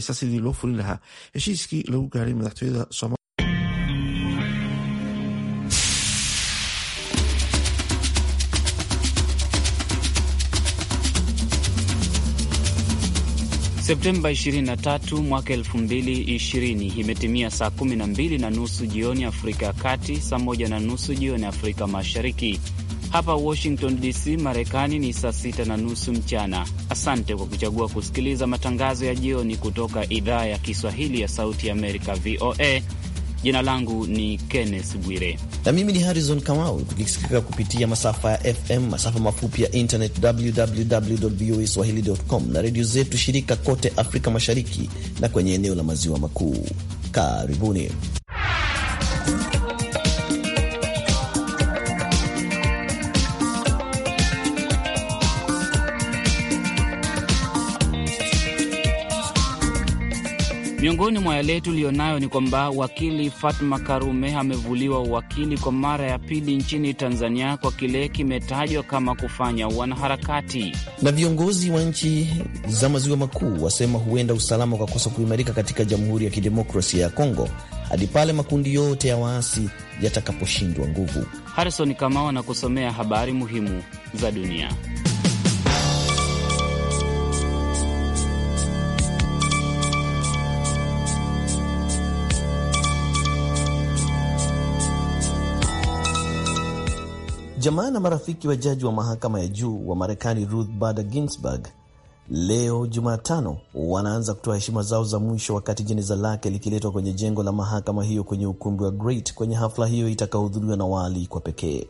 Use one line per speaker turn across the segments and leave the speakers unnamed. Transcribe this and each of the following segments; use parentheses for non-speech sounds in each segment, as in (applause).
Sasa sidii loo fulin lahaa heshiiskii lagu gaaray madaxtooyada Soomaaliya.
Septemba 23 mwaka 2020 imetimia saa 12 na nusu jioni Afrika ya Kati, saa 1 na nusu jioni Afrika Mashariki. Hapa Washington DC, Marekani ni saa sita na nusu mchana. Asante kwa kuchagua kusikiliza matangazo ya jioni kutoka idhaa ya Kiswahili ya Sauti ya Amerika, VOA. Jina langu ni Kenneth
Bwire na mimi ni Harrison Kamau, tukisikika kupitia masafa ya FM, masafa mafupi ya internet, www voa swahili.com na redio zetu shirika kote Afrika Mashariki na kwenye eneo la Maziwa Makuu. Karibuni.
Miongoni mwa yale tuliyonayo ni kwamba wakili Fatma Karume amevuliwa uwakili kwa mara ya pili nchini Tanzania kwa kile kimetajwa kama kufanya wanaharakati.
Na viongozi wa nchi za maziwa makuu wasema huenda usalama ukakosa kuimarika katika Jamhuri ya Kidemokrasia ya Kongo hadi pale makundi yote ya waasi yatakaposhindwa nguvu.
harison Kamau anakusomea habari muhimu za dunia.
Jamaa na marafiki wa jaji wa mahakama ya juu wa Marekani Ruth Bader Ginsburg leo Jumatano wanaanza kutoa heshima zao za mwisho wakati jeneza lake likiletwa kwenye jengo la mahakama hiyo kwenye ukumbi wa Great kwenye hafla hiyo itakaohudhuriwa na waalikwa pekee.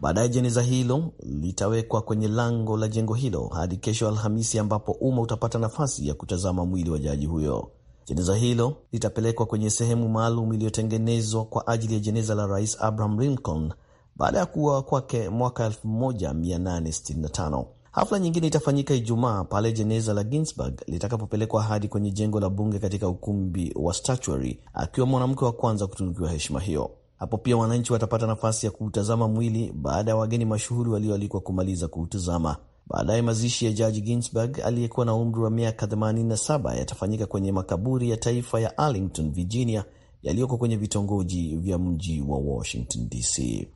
Baadaye jeneza hilo litawekwa kwenye lango la jengo hilo hadi kesho Alhamisi, ambapo umma utapata nafasi ya kutazama mwili wa jaji huyo. Jeneza hilo litapelekwa kwenye sehemu maalum iliyotengenezwa kwa ajili ya jeneza la Rais Abraham Lincoln baada ya kuwa kwake mwaka 1865. Hafla nyingine itafanyika Ijumaa pale jeneza la Ginsburg litakapopelekwa hadi kwenye jengo la bunge katika ukumbi wa Statuary, akiwa mwanamke wa kwanza kutunukiwa heshima hiyo. Hapo pia wananchi watapata nafasi ya kuutazama mwili baada ya wageni mashuhuri walioalikwa kumaliza kuutazama. Baadaye mazishi ya jaji Ginsburg aliyekuwa na umri wa miaka 87 yatafanyika kwenye makaburi ya taifa ya Arlington, Virginia, yaliyoko kwenye vitongoji vya mji wa Washington DC.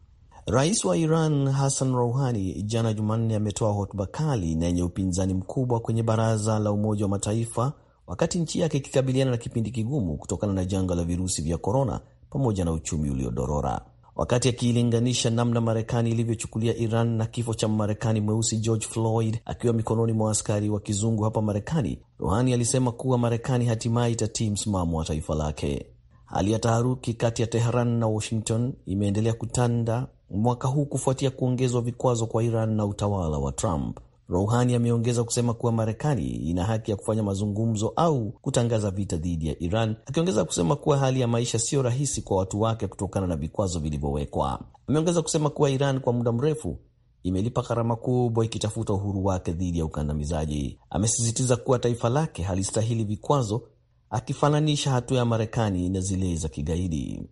Rais wa Iran Hassan Rouhani jana Jumanne ametoa hotuba kali na yenye upinzani mkubwa kwenye baraza la Umoja wa Mataifa wakati nchi yake ikikabiliana na kipindi kigumu kutokana na janga la virusi vya korona pamoja na uchumi uliodorora. Wakati akiilinganisha namna Marekani ilivyochukulia Iran na kifo cha marekani mweusi George Floyd akiwa mikononi mwa askari wa kizungu hapa Marekani, Rouhani alisema kuwa Marekani hatimaye itatii msimamo wa taifa lake. Hali ya taharuki kati ya Teheran na Washington imeendelea kutanda mwaka huu kufuatia kuongezwa vikwazo kwa Iran na utawala wa Trump. Rouhani ameongeza kusema kuwa Marekani ina haki ya kufanya mazungumzo au kutangaza vita dhidi ya Iran, akiongeza kusema kuwa hali ya maisha siyo rahisi kwa watu wake kutokana na vikwazo vilivyowekwa. Ameongeza kusema kuwa Iran kwa muda mrefu imelipa gharama kubwa ikitafuta uhuru wake dhidi ya ukandamizaji. Amesisitiza kuwa taifa lake halistahili vikwazo, akifananisha hatua ya Marekani na zile za kigaidi.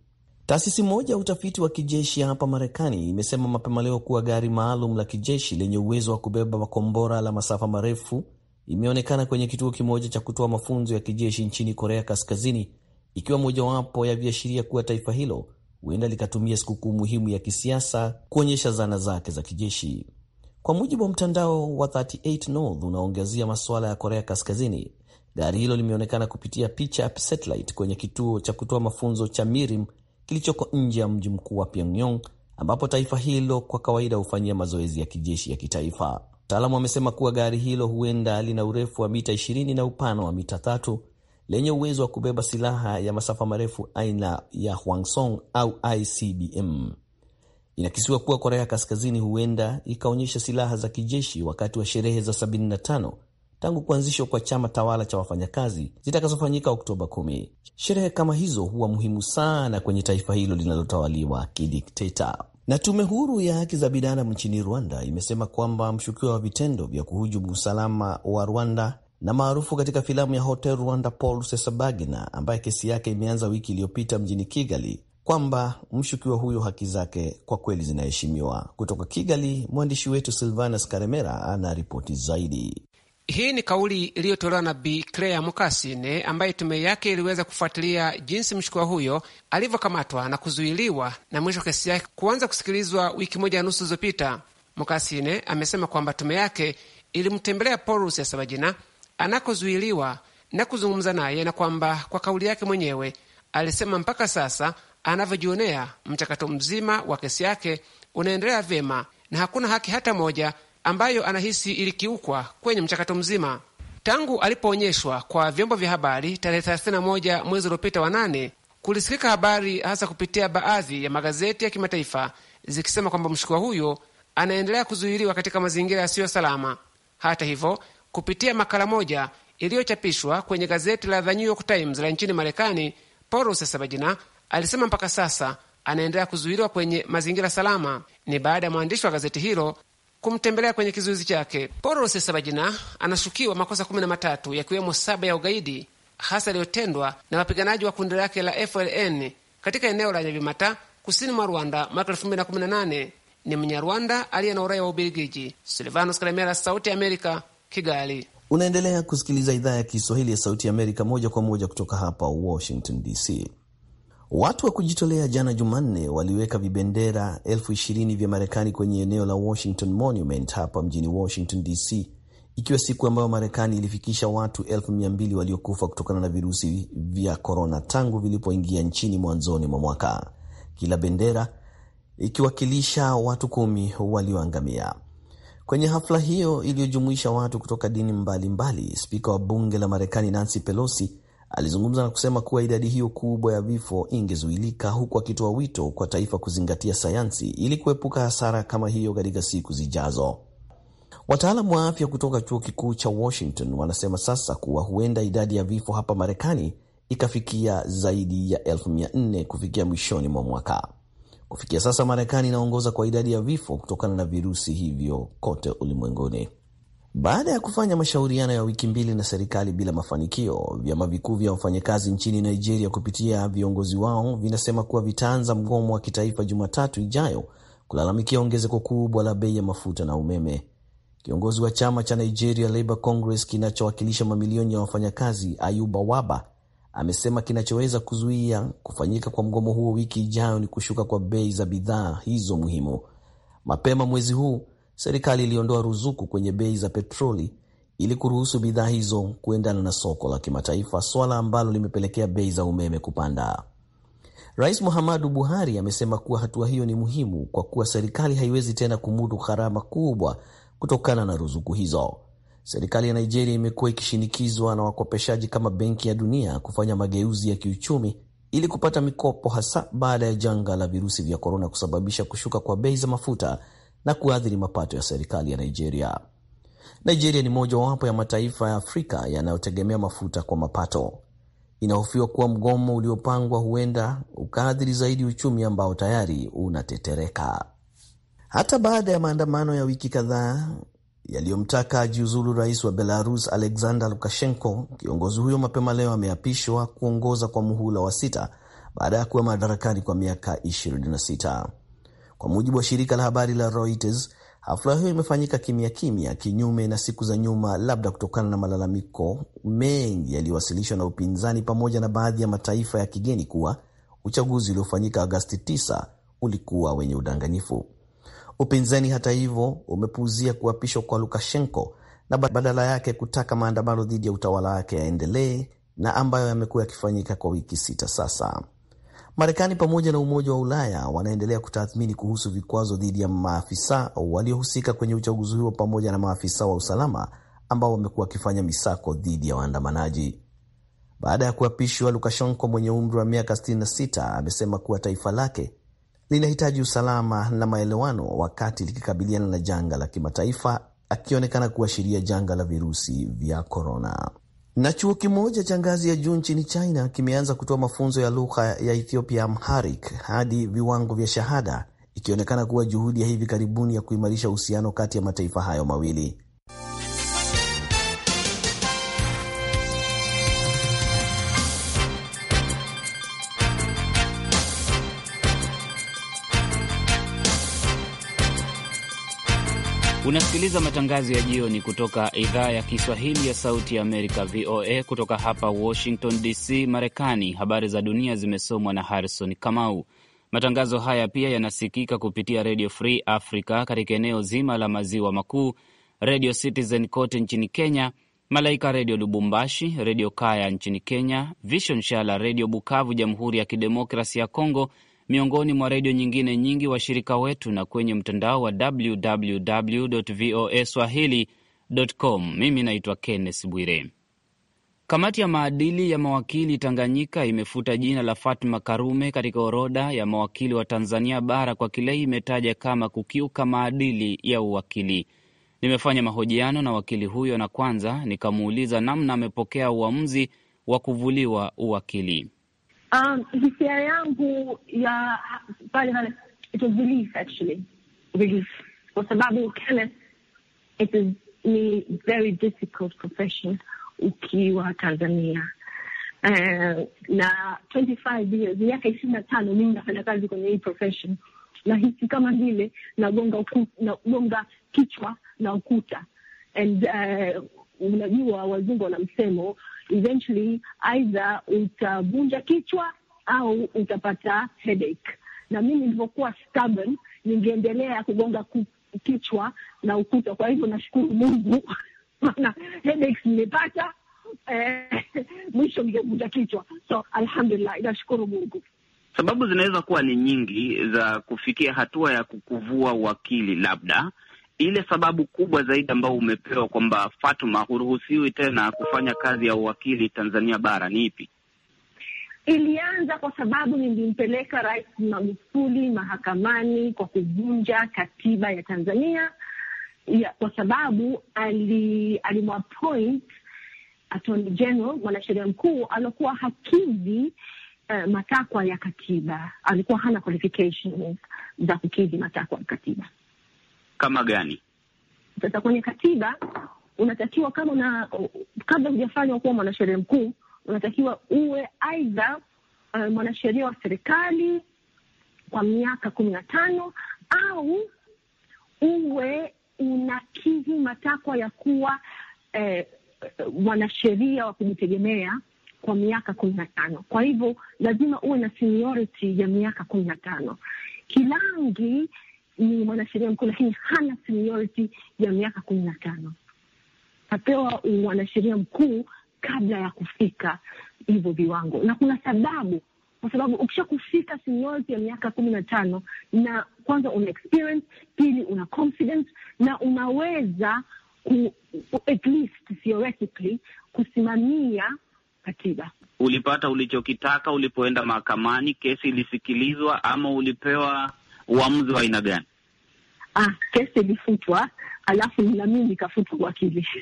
Taasisi moja ya utafiti wa kijeshi hapa Marekani imesema mapema leo kuwa gari maalum la kijeshi lenye uwezo wa kubeba makombora la masafa marefu imeonekana kwenye kituo kimoja cha kutoa mafunzo ya kijeshi nchini Korea Kaskazini, ikiwa mojawapo ya viashiria kuwa taifa hilo huenda likatumia sikukuu muhimu ya kisiasa kuonyesha zana zake za kijeshi. Kwa mujibu wa mtandao wa 38 North unaongezia masuala ya Korea Kaskazini, gari hilo limeonekana kupitia picha ya satellite kwenye kituo cha kutoa mafunzo cha Mirim kilichoko nje ya mji mkuu wa Pyongyang, ambapo taifa hilo kwa kawaida hufanyia mazoezi ya kijeshi ya kitaifa. Mtaalamu amesema kuwa gari hilo huenda lina urefu wa mita 20 na upana wa mita tatu lenye uwezo wa kubeba silaha ya masafa marefu aina ya Hwangsong au ICBM. Inakisiwa kuwa Korea Kaskazini huenda ikaonyesha silaha za kijeshi wakati wa sherehe za 75 tangu kuanzishwa kwa chama tawala cha wafanyakazi zitakazofanyika Oktoba 10. Sherehe kama hizo huwa muhimu sana kwenye taifa hilo linalotawaliwa kidikteta. Na tume huru ya haki za binadamu nchini Rwanda imesema kwamba mshukiwa wa vitendo vya kuhujumu usalama wa Rwanda na maarufu katika filamu ya Hotel Rwanda Paul Rusesabagina, ambaye kesi yake imeanza wiki iliyopita mjini Kigali, kwamba mshukiwa huyo haki zake kwa kweli zinaheshimiwa. Kutoka Kigali, mwandishi wetu Silvanus Karemera ana ripoti zaidi.
Hii ni kauli iliyotolewa na Bi Claire Mukasine ambaye tume yake iliweza kufuatilia jinsi mshukiwa huyo alivyokamatwa na kuzuiliwa na mwisho kesi yake kuanza kusikilizwa wiki moja na nusu zilizopita. Mukasine amesema kwamba tume yake ilimtembelea Paul Rusesabagina anakozuiliwa na kuzungumza naye na kwamba kwa kauli yake mwenyewe alisema mpaka sasa anavyojionea mchakato mzima wa kesi yake unaendelea vyema na hakuna haki hata moja ambayo anahisi ilikiukwa kwenye mchakato mzima tangu alipoonyeshwa kwa vyombo vya habari tarehe 31 mwezi uliopita wa nane. Kulisikika habari hasa kupitia baadhi ya magazeti ya kimataifa zikisema kwamba mshukiwa huyo anaendelea kuzuiliwa katika mazingira yasiyo salama. Hata hivyo, kupitia makala moja iliyochapishwa kwenye gazeti la The New York Times la nchini Marekani, Paul Rusesabagina alisema mpaka sasa anaendelea kuzuiliwa kwenye mazingira salama. Ni baada ya mwandishi wa gazeti hilo kumtembelea kwenye kizuizi chake. Paul Rusesabagina anashukiwa makosa kumi na matatu yakiwemo saba ya ugaidi hasa yaliyotendwa na wapiganaji wa kundi lake la FLN katika eneo la Nyavimata kusini mwa Rwanda mwaka 2018. Ni Mnyarwanda aliye na uraia wa Ubelgiji. Silvanos Kalemera, Sauti ya Amerika, Kigali.
Unaendelea kusikiliza idhaa ya Kiswahili ya Sauti ya Amerika moja kwa moja kutoka hapa Washington DC. Watu wa kujitolea jana Jumanne waliweka vibendera elfu ishirini vya Marekani kwenye eneo la Washington Monument hapa mjini Washington DC, ikiwa siku ambayo Marekani ilifikisha watu elfu mia mbili waliokufa kutokana na virusi vya korona tangu vilipoingia nchini mwanzoni mwa mwaka, kila bendera ikiwakilisha watu kumi walioangamia. Kwenye hafla hiyo iliyojumuisha watu kutoka dini mbalimbali, spika wa bunge la Marekani Nancy Pelosi Alizungumza na kusema kuwa idadi hiyo kubwa ya vifo ingezuilika, huku akitoa wito kwa taifa kuzingatia sayansi ili kuepuka hasara kama hiyo katika siku zijazo. Wataalamu wa afya kutoka chuo kikuu cha Washington wanasema sasa kuwa huenda idadi ya vifo hapa Marekani ikafikia zaidi ya elfu mia nne kufikia mwishoni mwa mwaka. Kufikia sasa Marekani inaongoza kwa idadi ya vifo kutokana na virusi hivyo kote ulimwenguni. Baada ya kufanya mashauriano ya wiki mbili na serikali bila mafanikio, vyama vikuu vya wafanyakazi nchini Nigeria kupitia viongozi wao vinasema kuwa vitaanza mgomo wa kitaifa Jumatatu ijayo kulalamikia ongezeko kubwa la bei ya mafuta na umeme. Kiongozi wa chama cha Nigeria Labour Congress kinachowakilisha mamilioni ya wafanyakazi, Ayuba Waba, amesema kinachoweza kuzuia kufanyika kwa mgomo huo wiki ijayo ni kushuka kwa bei za bidhaa hizo muhimu. Mapema mwezi huu serikali iliondoa ruzuku kwenye bei za petroli ili kuruhusu bidhaa hizo kuendana na soko la kimataifa, swala ambalo limepelekea bei za umeme kupanda. Rais Muhammadu Buhari amesema kuwa hatua hiyo ni muhimu kwa kuwa serikali haiwezi tena kumudu gharama kubwa kutokana na ruzuku hizo. Serikali ya Nigeria imekuwa ikishinikizwa na wakopeshaji kama Benki ya Dunia kufanya mageuzi ya kiuchumi ili kupata mikopo, hasa baada ya janga la virusi vya korona kusababisha kushuka kwa bei za mafuta na kuathiri mapato ya serikali ya Nigeria. Nigeria ni mojawapo ya mataifa ya Afrika yanayotegemea mafuta kwa mapato. Inahofiwa kuwa mgomo uliopangwa huenda ukaathiri zaidi uchumi ambao tayari unatetereka. Hata baada ya maandamano ya wiki kadhaa yaliyomtaka ajiuzulu rais wa Belarus Alexander Lukashenko, kiongozi huyo mapema leo ameapishwa kuongoza kwa muhula wa sita baada ya kuwa madarakani kwa miaka 26. Kwa mujibu wa shirika la habari la Reuters, hafla hiyo imefanyika kimya kimya, kinyume na siku za nyuma, labda kutokana na malalamiko mengi yaliyowasilishwa na upinzani pamoja na baadhi ya mataifa ya kigeni kuwa uchaguzi uliofanyika Agasti 9 ulikuwa wenye udanganyifu. Upinzani hata hivyo umepuuzia kuapishwa kwa Lukashenko na badala yake kutaka maandamano dhidi ya utawala wake yaendelee na ambayo yamekuwa yakifanyika kwa wiki sita sasa. Marekani pamoja na Umoja wa Ulaya wanaendelea kutathmini kuhusu vikwazo dhidi ya maafisa waliohusika kwenye uchaguzi huo pamoja na maafisa wa usalama ambao wamekuwa wakifanya misako dhidi ya waandamanaji. Baada ya kuapishwa, Lukashenko mwenye umri wa miaka 66 amesema kuwa taifa lake linahitaji usalama na maelewano wakati likikabiliana na janga la kimataifa, akionekana kuashiria janga la virusi vya korona. Na chuo kimoja cha ngazi ya juu nchini China kimeanza kutoa mafunzo ya lugha ya Ethiopia Amharic hadi viwango vya shahada, ikionekana kuwa juhudi ya hivi karibuni ya kuimarisha uhusiano kati ya mataifa hayo mawili.
Unasikiliza matangazo ya jioni kutoka idhaa ya Kiswahili ya Sauti ya Amerika, VOA, kutoka hapa Washington DC, Marekani. Habari za dunia zimesomwa na Harrison Kamau. Matangazo haya pia yanasikika kupitia Redio Free Africa katika eneo zima la maziwa makuu, Redio Citizen kote nchini Kenya, Malaika Redio Lubumbashi, Redio Kaya nchini Kenya, Vision Shala Redio Bukavu, Jamhuri ya Kidemokrasi ya congo miongoni mwa redio nyingine nyingi washirika wetu na kwenye mtandao wa www voa swahili.com. Mimi naitwa Kenneth Bwire. Kamati ya maadili ya mawakili Tanganyika imefuta jina la Fatma Karume katika orodha ya mawakili wa Tanzania bara kwa kile imetaja kama kukiuka maadili ya uwakili. Nimefanya mahojiano na wakili huyo na kwanza nikamuuliza namna amepokea uamuzi wa kuvuliwa uwakili.
Um, hisia yangu ya pale pale, it was relief actually, relief kwa sababu Kenneth, it is ni very difficult profession ukiwa Tanzania. Uh, na 25 years miaka ishirini na tano mimi nafanya kazi kwenye hii profession, hisi kama vile nagonga nagonga kichwa na ukuta and uh, unajua wazungu wana msemo eventually either utavunja kichwa au utapata headache. Na mimi nilivyokuwa stubborn, ningeendelea kugonga kichwa na ukuta. Kwa hivyo nashukuru Mungu (laughs) maana headaches nimepata eh, (laughs) mwisho ningevunja kichwa, so alhamdulillah, nashukuru Mungu.
Sababu zinaweza kuwa ni nyingi za kufikia hatua ya kukuvua wakili labda ile sababu kubwa zaidi ambayo umepewa kwamba Fatuma huruhusiwi tena kufanya kazi ya uwakili Tanzania bara ni ipi?
Ilianza kwa sababu nilimpeleka Rais Magufuli mahakamani kwa kuvunja katiba ya Tanzania ya, kwa sababu ali- alimwapoint Attorney General, mwanasheria mkuu aliokuwa hakidhi uh, matakwa ya katiba, alikuwa hana qualifications za kukidhi matakwa ya katiba
kama gani?
Sasa kwenye katiba unatakiwa kama una kabla hujafanywa kuwa mwanasheria mkuu, unatakiwa uwe aidha uh, mwanasheria wa serikali kwa miaka kumi na tano au uwe unakidhi matakwa ya kuwa eh, mwanasheria wa kujitegemea kwa miaka kumi na tano. Kwa hivyo lazima uwe na seniority ya miaka kumi na tano. Kilangi ni mwanasheria mkuu, lakini hana seniority ya miaka kumi na tano. Apewa mwanasheria mkuu kabla ya kufika hivyo viwango, na kuna sababu kwa sababu ukisha kufika seniority ya miaka kumi na tano, na kwanza una experience, pili una confidence na unaweza ku, at least theoretically kusimamia katiba.
Ulipata ulichokitaka ulipoenda mahakamani? Kesi ilisikilizwa ama ulipewa uamuzi wa aina gani?
Ah, kesi ilifutwa, alafu na mimi nikafutwa
wakili (laughs)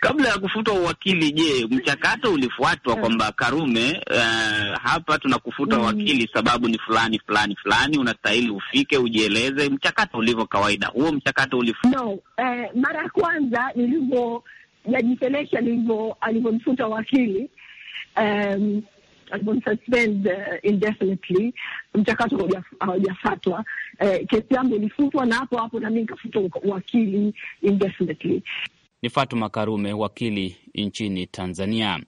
Kabla ya kufutwa uwakili, je, mchakato ulifuatwa eh. kwamba Karume, uh, hapa tunakufuta mm, sababu ni fulani fulani fulani, unastahili ufike ujieleze, mchakato ulivyo kawaida? Huo mchakato ulifuatwa?
No, uh, mara ya kwanza nilivyo Jaji Selesha alivyomfuta wakili um, Uh, indefinitely, mchakato haujafatwa. Eh, kesi yangu ilifutwa na hapo hapo, nami nikafutwa wakili indefinitely.
Ni Fatuma Karume, wakili nchini Tanzania.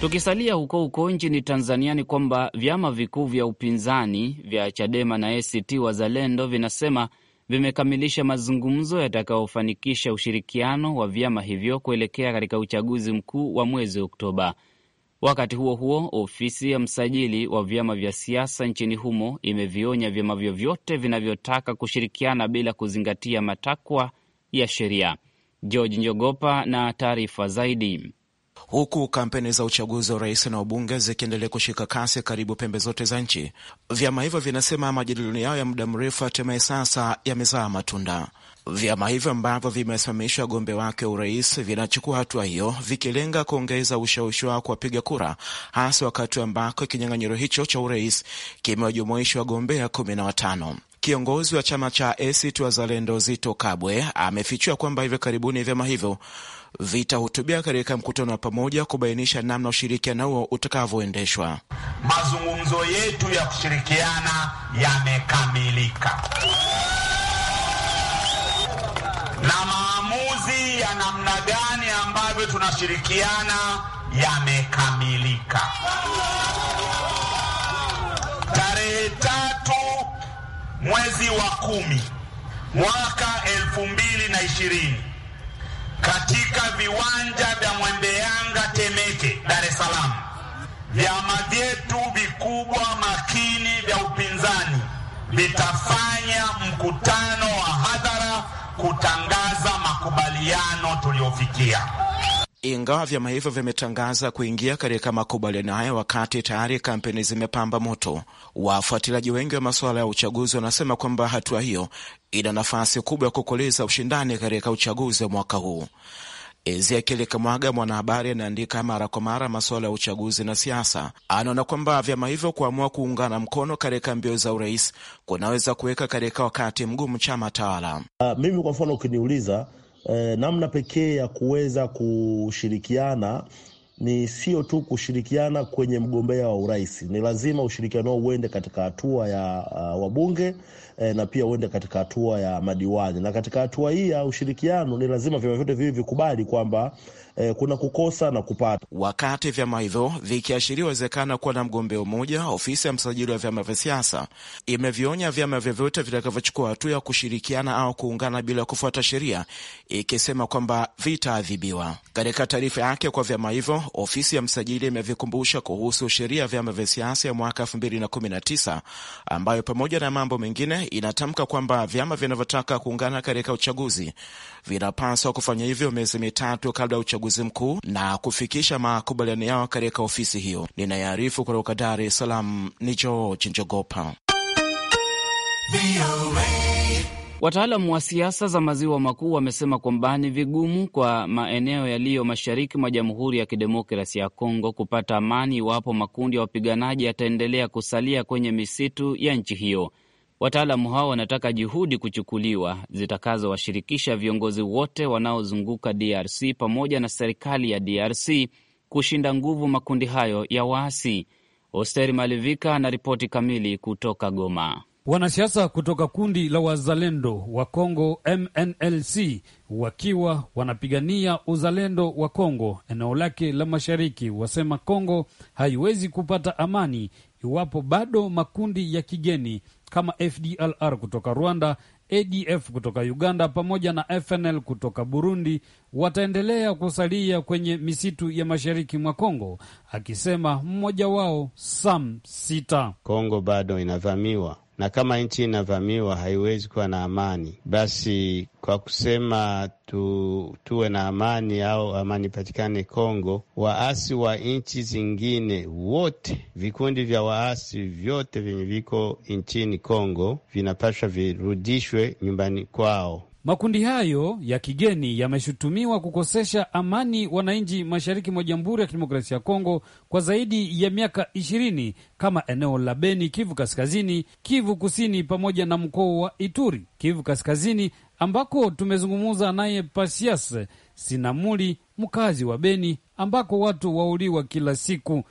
Tukisalia huko huko nchini Tanzania, ni kwamba vyama vikuu vya upinzani vya Chadema na ACT Wazalendo vinasema vimekamilisha mazungumzo yatakayofanikisha ushirikiano wa vyama hivyo kuelekea katika uchaguzi mkuu wa mwezi Oktoba. Wakati huo huo, ofisi ya msajili wa vyama vya siasa nchini humo imevionya vyama vyovyote vinavyotaka kushirikiana bila kuzingatia matakwa ya sheria.
George Njogopa na taarifa zaidi huku kampeni za uchaguzi wa rais na wabunge zikiendelea kushika kasi karibu pembe zote za nchi. Vyama hivyo vinasema majadiliano yao ya muda mrefu hatimaye sasa yamezaa matunda. Vyama hivyo ambavyo vimesimamisha wagombea wake wa urais vinachukua hatua hiyo vikilenga kuongeza ushawishi wao kwa wapiga kura, hasa wakati ambako kinyang'anyiro hicho cha urais kimewajumuisha wagombea kumi na watano. Kiongozi wa chama cha ACT Wazalendo Zito Kabwe amefichua kwamba hivi karibuni vyama hivyo vitahutubia katika mkutano wa pamoja kubainisha namna ushirikiano huo utakavyoendeshwa.
Mazungumzo yetu ya kushirikiana yamekamilika na maamuzi ya namna gani ambavyo tunashirikiana yamekamilika.
Tarehe tatu mwezi wa kumi mwaka elfu mbili na ishirini
katika viwanja vya Mwembeyanga Temeke, Dar es Salaam. Vyama vyetu vikubwa makini vya upinzani vitafanya mkutano wa hadhara kutangaza makubaliano tuliofikia
ingawa vyama hivyo vimetangaza kuingia katika makubaliano hayo wakati tayari kampeni zimepamba moto, wafuatiliaji wengi wa masuala ya uchaguzi wanasema kwamba hatua hiyo ina nafasi kubwa ya kukoleza ushindani katika uchaguzi wa mwaka huu. Ezekiel Kamwaga, mwanahabari anaandika mara kwa mara masuala ya uchaguzi na siasa, anaona kwamba vyama hivyo kuamua kuungana mkono katika mbio za urais kunaweza kuweka katika wakati mgumu chama tawala. Uh, mimi kwa mfano ukiniuliza eh, namna pekee ya kuweza kushirikiana ni sio tu kushirikiana kwenye mgombea wa urais, ni lazima ushirikiano uende katika hatua ya uh, wabunge e, na pia uende katika hatua ya madiwani. Na katika hatua hii ya ushirikiano ni lazima vyama vyote vivi vikubali kwamba e, kuna kukosa na kupata. Wakati vyama hivyo vikiashiria uwezekana kuwa na mgombea mmoja, ofisi ya msajili wa vyama vya siasa imevionya vyama vyovyote vitakavyochukua hatua ya kushirikiana au kuungana bila kufuata sheria, ikisema kwamba vitaadhibiwa. Katika taarifa yake kwa vyama hivyo, ofisi ya msajili imevikumbusha kuhusu sheria ya vyama vya siasa ya mwaka 2019 ambayo pamoja na mambo mengine inatamka kwamba vyama vinavyotaka kuungana katika uchaguzi vinapaswa kufanya hivyo miezi mitatu kabla ya uchaguzi mkuu na kufikisha makubaliano yao katika ofisi hiyo. Ninayearifu kutoka Dar es Salaam ni George Njogopa. Wataalamu wa siasa za maziwa makuu wamesema kwamba ni
vigumu kwa maeneo yaliyo mashariki mwa Jamhuri ya Kidemokrasi ya Kongo kupata amani iwapo makundi ya wapiganaji yataendelea kusalia kwenye misitu ya nchi hiyo. Wataalamu hao wanataka juhudi kuchukuliwa zitakazowashirikisha viongozi wote wanaozunguka DRC pamoja na serikali ya DRC kushinda nguvu makundi hayo ya waasi. Osteri Malivika anaripoti kamili kutoka Goma.
Wanasiasa kutoka kundi la wazalendo wa congo MNLC wakiwa wanapigania uzalendo wa congo eneo lake la mashariki, wasema Kongo haiwezi kupata amani iwapo bado makundi ya kigeni kama FDLR kutoka Rwanda, ADF kutoka Uganda pamoja na FNL kutoka Burundi wataendelea kusalia kwenye misitu ya mashariki mwa Kongo, akisema mmoja wao Sam
Sita. Kongo bado inavamiwa na kama nchi inavamiwa haiwezi kuwa na amani. Basi kwa kusema tu, tuwe na amani au amani ipatikane Kongo, waasi wa nchi zingine wote, vikundi vya waasi vyote vyenye viko nchini Kongo vinapaswa virudishwe nyumbani kwao. Makundi hayo ya kigeni
yameshutumiwa kukosesha amani wananchi mashariki mwa Jamhuri ya Kidemokrasia ya Kongo kwa zaidi ya miaka ishirini kama eneo la Beni, Kivu Kaskazini, Kivu Kusini pamoja na mkoa wa Ituri, Kivu Kaskazini, ambako tumezungumza naye Pasias Sinamuli, mkazi wa Beni ambako watu wauliwa kila siku.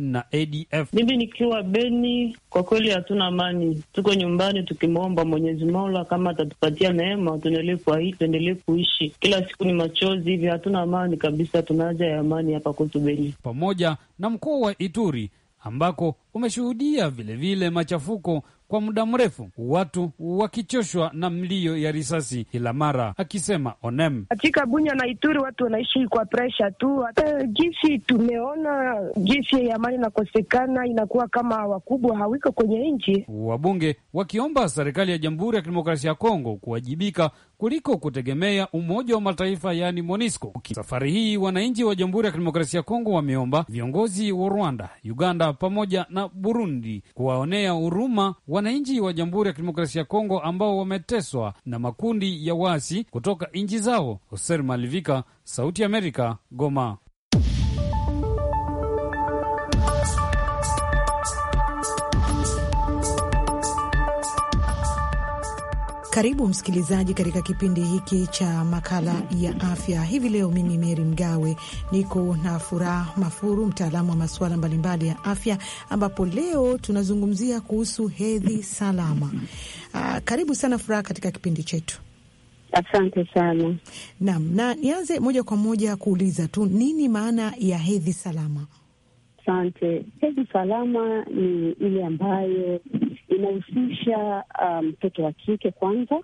na ADF. Mimi nikiwa Beni, kwa kweli hatuna amani, tuko nyumbani tukimwomba Mwenyezi Mola kama atatupatia neema, tuendelee kuishi, tuendelee kuishi. Kila siku ni machozi hivi, hatuna amani kabisa,
tuna haja ya amani hapa kwetu Beni, pamoja na mkoa wa Ituri ambako umeshuhudia vilevile machafuko kwa muda mrefu, watu wakichoshwa na mlio ya risasi kila mara, akisema Onem.
Katika Bunya na Ituri watu wanaishi kwa presha tu. Hata jinsi tumeona jinsi ya amani inakosekana, inakuwa kama wakubwa hawiko kwenye nchi.
Wabunge wakiomba serikali ya Jamhuri ya Kidemokrasia ya Kongo kuwajibika kuliko kutegemea Umoja wa Mataifa yaani monisco Safari hii wananchi wa Jamhuri ya Kidemokrasia ya Kongo wameomba viongozi wa Rwanda, Uganda pamoja na Burundi kuwaonea huruma wananchi wa Jamhuri ya Kidemokrasia ya Kongo ambao wameteswa na makundi ya wasi kutoka nchi zao. Hoser Malivika, Sauti ya Amerika, Goma.
Karibu msikilizaji katika kipindi hiki cha makala ya afya hivi leo. Mimi Meri Mgawe niko na Furaha Mafuru, mtaalamu wa masuala mbalimbali ya afya, ambapo leo tunazungumzia kuhusu hedhi salama. Aa, ah, karibu sana Furaha katika kipindi
chetu. Asante sana.
Naam, na nianze moja kwa moja kuuliza tu, nini maana ya hedhi salama?
Asante. Hedhi salama ni ile ambayo inahusisha um, mtoto um, wa kike kwanza,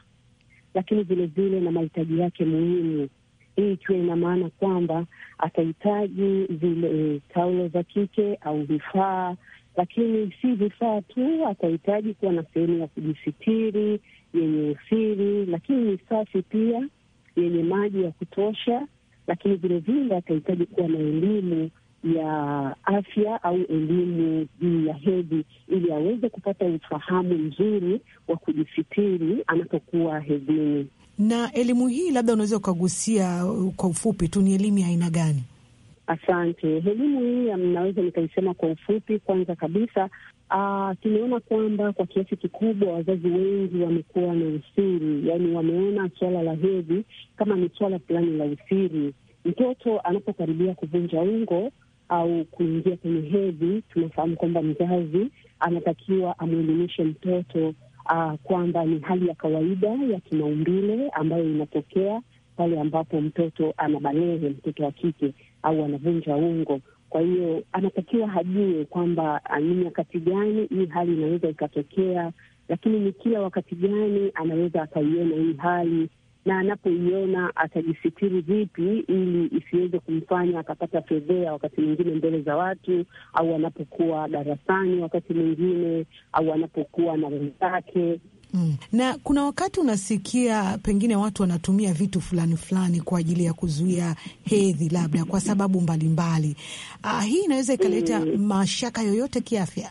lakini vilevile na mahitaji yake muhimu. Hii ikiwa ina maana kwamba atahitaji zile eh, taulo za kike au vifaa, lakini si vifaa tu, atahitaji kuwa na sehemu ya kujisitiri yenye usiri, lakini ni safi pia, yenye maji ya kutosha, lakini vilevile atahitaji kuwa na elimu ya afya au elimu juu ya hedhi, ili aweze kupata ufahamu mzuri wa kujifikiri anapokuwa hedhini.
Na elimu hii labda unaweza ukagusia kwa ufupi tu, ni elimu ya aina gani?
Asante. Elimu hii mnaweza um, nikaisema kwa ufupi. Kwanza kabisa uh, tumeona kwamba kwa kiasi kikubwa wazazi wengi wamekuwa na usiri, yaani wameona swala la hedhi kama ni swala fulani la usiri. Mtoto anapokaribia kuvunja ungo au kuingia kwenye hedhi, tunafahamu kwamba mzazi anatakiwa amwelimishe mtoto uh, kwamba ni hali ya kawaida ya kimaumbile ambayo inatokea pale ambapo mtoto anabalehe, mtoto wa kike au anavunja ungo. Kwa hiyo anatakiwa hajue kwamba ah, ni nyakati gani hii hali inaweza ikatokea, lakini ni kila wakati gani anaweza akaiona hii hali na anapoiona atajisitiri vipi ili isiweze kumfanya akapata fedhea wakati mwingine mbele za watu, au anapokuwa darasani wakati mwingine, au anapokuwa na wenzake.
Mm. Na kuna wakati unasikia pengine watu wanatumia vitu fulani fulani kwa ajili ya kuzuia hedhi, labda kwa sababu
mbalimbali.
Ah, hii inaweza ikaleta mm, mashaka yoyote kiafya.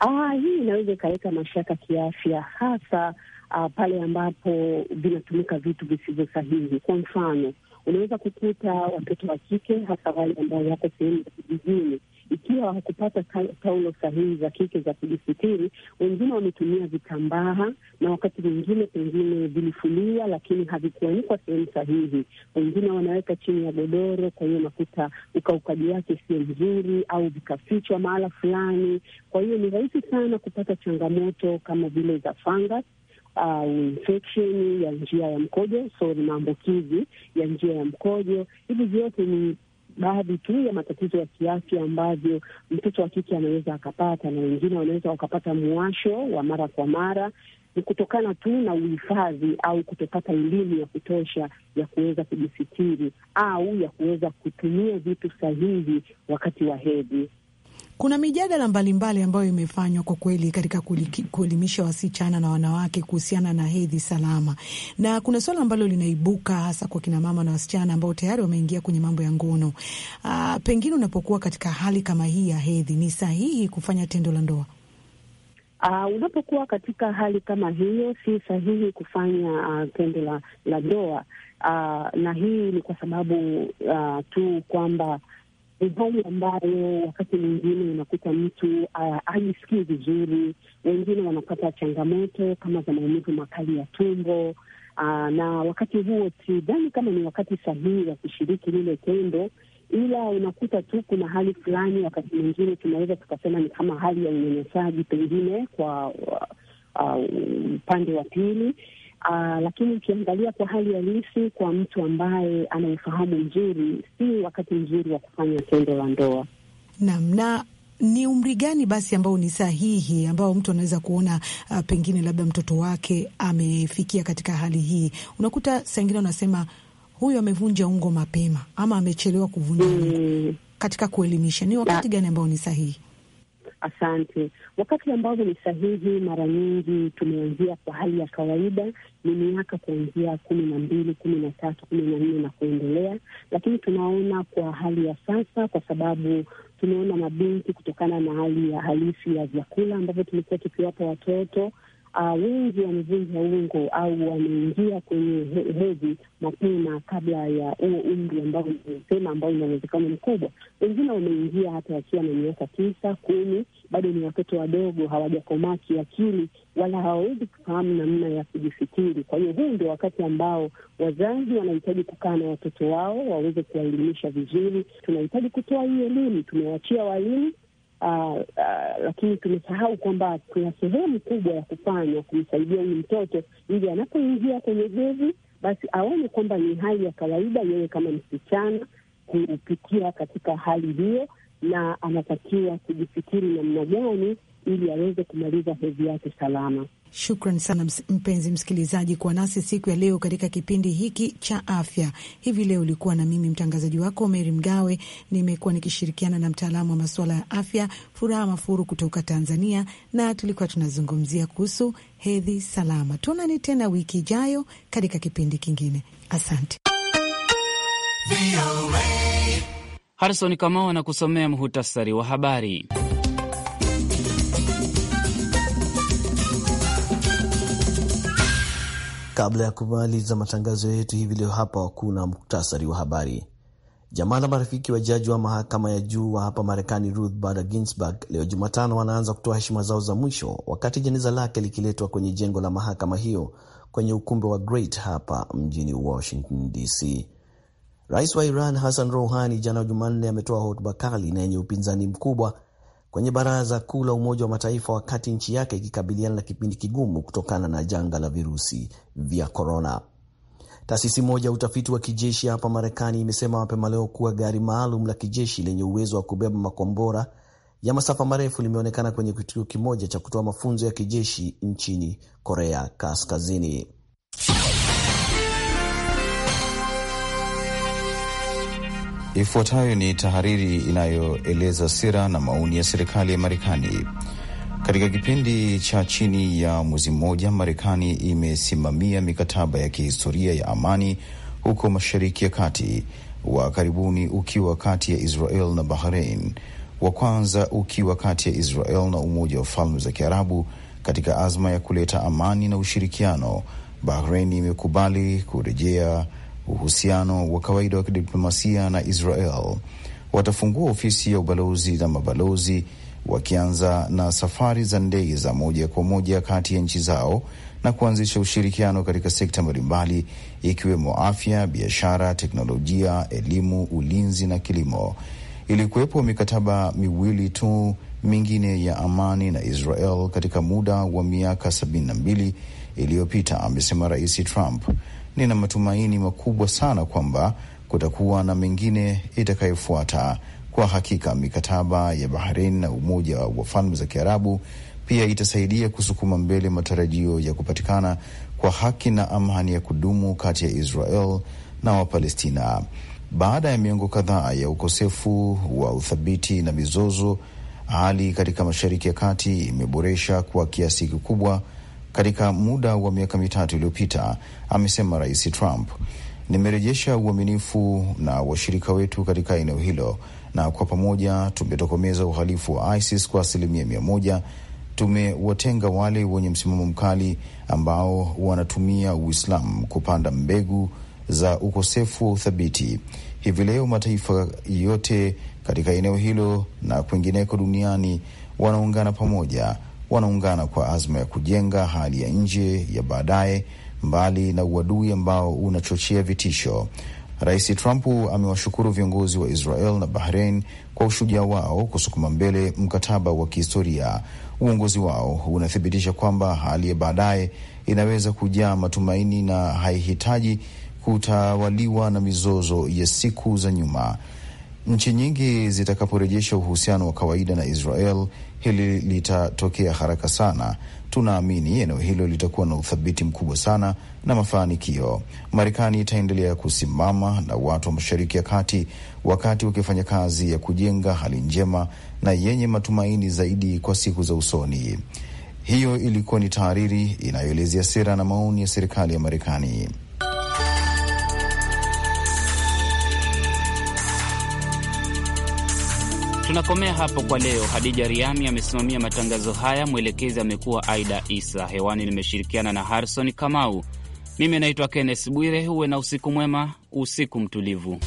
Ah, hii inaweza ikaleta mashaka kiafya hasa uh, pale ambapo vinatumika vitu visivyo sahihi. Kwa mfano, unaweza kukuta watoto wa kike, hasa wale ambao wako sehemu za kijijini, ikiwa wakupata taulo sahihi za kike za kujisitiri, wengine wametumia vitambaha, na wakati mwingine pengine vilifuliwa, lakini havikuanikwa sehemu sahihi. Wengine wanaweka chini ya godoro, kwa hiyo unakuta ukaukaji wake sio mzuri, au vikafichwa mahala fulani. Kwa hiyo ni rahisi sana kupata changamoto kama vile za fanga uh, infection ya njia ya mkojo, so ni maambukizi ya njia ya mkojo. Hivi vyote ni baadhi tu ya matatizo ya kiafya ambavyo mtoto wa kike anaweza akapata, na wengine wanaweza wakapata mwasho wa mara kwa mara. Ni kutokana tu na uhifadhi au kutopata elimu ya kutosha ya kuweza kujisitiri au ya kuweza kutumia vitu sahihi wakati wa hedhi.
Kuna mijadala mbalimbali ambayo imefanywa kwa kweli katika kuelimisha wasichana na wanawake kuhusiana na hedhi salama, na kuna swala ambalo linaibuka hasa kwa kinamama na wasichana ambao tayari wameingia kwenye mambo ya ngono. Ah, pengine unapokuwa katika hali kama hii ya hedhi, ni sahihi kufanya tendo la ndoa?
Uh, unapokuwa katika hali kama hiyo si sahihi kufanya uh, tendo la, la ndoa uh, na hii ni kwa sababu uh, tu kwamba ni hali ambayo wakati mwingine unakuta mtu ah, hajisikii uh, vizuri. Wengine wanapata changamoto kama za maumivu makali ya tumbo uh, na wakati huo sidhani kama ni wakati sahihi wa kushiriki lile tendo, ila unakuta tu kuna hali fulani, wakati mwingine tunaweza tukasema ni kama hali ya unyanyasaji pengine kwa ah, upande uh, uh, wa pili Uh, lakini ukiangalia kwa hali halisi, kwa mtu ambaye ana ufahamu mzuri, si wakati mzuri wa kufanya tendo la ndoa.
Naam, na ni umri gani basi ambao ni sahihi ambao mtu anaweza kuona uh, pengine labda mtoto wake amefikia katika hali hii? Unakuta saa ingine unasema huyu amevunja ungo mapema ama amechelewa kuvunja ungo. Mm, katika kuelimisha ni wakati gani ambao ni sahihi?
Asante. Wakati ambavyo ni sahihi, mara nyingi tumeanzia kwa hali ya kawaida, ni miaka kuanzia kumi na mbili, kumi na tatu, kumi na nne na kuendelea, lakini tunaona kwa hali ya sasa, kwa sababu tumeona mabinti, kutokana na hali ya halisi ya vyakula ambavyo tumekuwa tukiwapa watoto uh, wengi wamevunja ungo au wameingia kwenye hedhi mapema kabla ya huo umri ambao nimesema, ambao ina uwezekano mkubwa. Wengine wameingia hata wakiwa na miaka tisa kumi, bado ni watoto wadogo, hawajakomaa kiakili wala hawawezi kufahamu namna ya kujifikiri. Kwa hiyo huu ndio wakati ambao wazazi wanahitaji kukaa na watoto wao waweze kuwaelimisha vizuri. Tunahitaji kutoa hii elimu, tumewachia walimu uh, uh, lakini tumesahau kwamba tuna sehemu kubwa ya kufanya kumsaidia huyu mtoto ili anapoingia kwenye gezi, basi aone kwamba ni hali ya kawaida yeye kama msichana kupitia katika hali hiyo, na anatakiwa kujifikiri namna gani ili aweze kumaliza hedhi yake salama.
Shukran sana mpenzi msikilizaji kuwa nasi siku ya leo katika kipindi hiki cha afya. Hivi leo ulikuwa na mimi mtangazaji wako Meri Mgawe, nimekuwa nikishirikiana na mtaalamu wa masuala ya afya Furaha Mafuru kutoka Tanzania, na tulikuwa tunazungumzia kuhusu hedhi salama. Tuonani tena wiki ijayo katika kipindi kingine. Asante.
Harison Kamau anakusomea muhutasari wa habari.
Kabla ya kumaliza matangazo yetu hivi leo hapa, kuna muktasari wa habari. Jamaa na marafiki wa jaji wa mahakama ya juu wa hapa Marekani Ruth Bader Ginsburg leo Jumatano wanaanza kutoa heshima zao za mwisho wakati jeneza lake likiletwa kwenye jengo la mahakama hiyo kwenye ukumbi wa Great hapa mjini Washington DC. Rais wa Iran Hassan Rouhani jana Jumanne ametoa hotuba kali na yenye upinzani mkubwa kwenye Baraza Kuu la Umoja wa Mataifa wakati nchi yake ikikabiliana na kipindi kigumu kutokana na janga la virusi vya korona. Taasisi moja ya utafiti wa kijeshi hapa Marekani imesema mapema leo kuwa gari maalum la kijeshi lenye uwezo wa kubeba makombora ya masafa marefu limeonekana kwenye kituo kimoja cha kutoa mafunzo ya kijeshi nchini Korea Kaskazini.
Ifuatayo ni tahariri inayoeleza sera na maoni ya serikali ya Marekani. Katika kipindi cha chini ya mwezi mmoja, Marekani imesimamia mikataba ya kihistoria ya amani huko Mashariki ya Kati, wa karibuni ukiwa kati ya Israel na Bahrain, wa kwanza ukiwa kati ya Israel na Umoja wa Falme za Kiarabu. Katika azma ya kuleta amani na ushirikiano, Bahrain imekubali kurejea uhusiano wa kawaida wa kidiplomasia na Israel. Watafungua ofisi ya ubalozi na mabalozi, wakianza na safari za ndege za moja kwa moja kati ya nchi zao na kuanzisha ushirikiano katika sekta mbalimbali ikiwemo afya, biashara, teknolojia, elimu, ulinzi na kilimo. Ilikuwepo mikataba miwili tu mingine ya amani na Israel katika muda wa miaka sabini na mbili iliyopita, amesema Rais Trump nina matumaini makubwa sana kwamba kutakuwa na mengine itakayofuata. Kwa hakika mikataba ya Bahrein na Umoja wa Falme za Kiarabu pia itasaidia kusukuma mbele matarajio ya kupatikana kwa haki na amani ya kudumu kati ya Israel na Wapalestina baada ya miongo kadhaa ya ukosefu wa uthabiti na mizozo. Hali katika Mashariki ya Kati imeboresha kwa kiasi kikubwa katika muda wa miaka mitatu iliyopita, amesema Rais Trump. Nimerejesha uaminifu na washirika wetu katika eneo hilo, na kwa pamoja tumetokomeza uhalifu wa ISIS kwa asilimia mia moja. Tumewatenga wale wenye msimamo mkali ambao wanatumia Uislamu kupanda mbegu za ukosefu wa uthabiti. Hivi leo mataifa yote katika eneo hilo na kwingineko duniani wanaungana pamoja wanaungana kwa azma ya kujenga hali ya nje ya baadaye mbali na uadui ambao unachochea vitisho. Rais Trump amewashukuru viongozi wa Israel na Bahrain kwa ushujaa wao kusukuma mbele mkataba wa kihistoria. Uongozi wao unathibitisha kwamba hali ya baadaye inaweza kujaa matumaini na haihitaji kutawaliwa na mizozo ya siku za nyuma. Nchi nyingi zitakaporejesha uhusiano wa kawaida na Israel hili litatokea haraka sana. Tunaamini eneo hilo litakuwa na uthabiti mkubwa sana na mafanikio. Marekani itaendelea kusimama na watu wa Mashariki ya Kati wakati wakifanya kazi ya kujenga hali njema na yenye matumaini zaidi kwa siku za usoni. Hiyo ilikuwa ni tahariri inayoelezea sera na maoni ya serikali ya Marekani.
Tunakomea hapo kwa leo. Hadija Riami amesimamia matangazo haya, mwelekezi amekuwa Aida Isa. Hewani nimeshirikiana na Harrison Kamau. Mimi naitwa Kenneth Bwire. Huwe na usiku mwema, usiku mtulivu.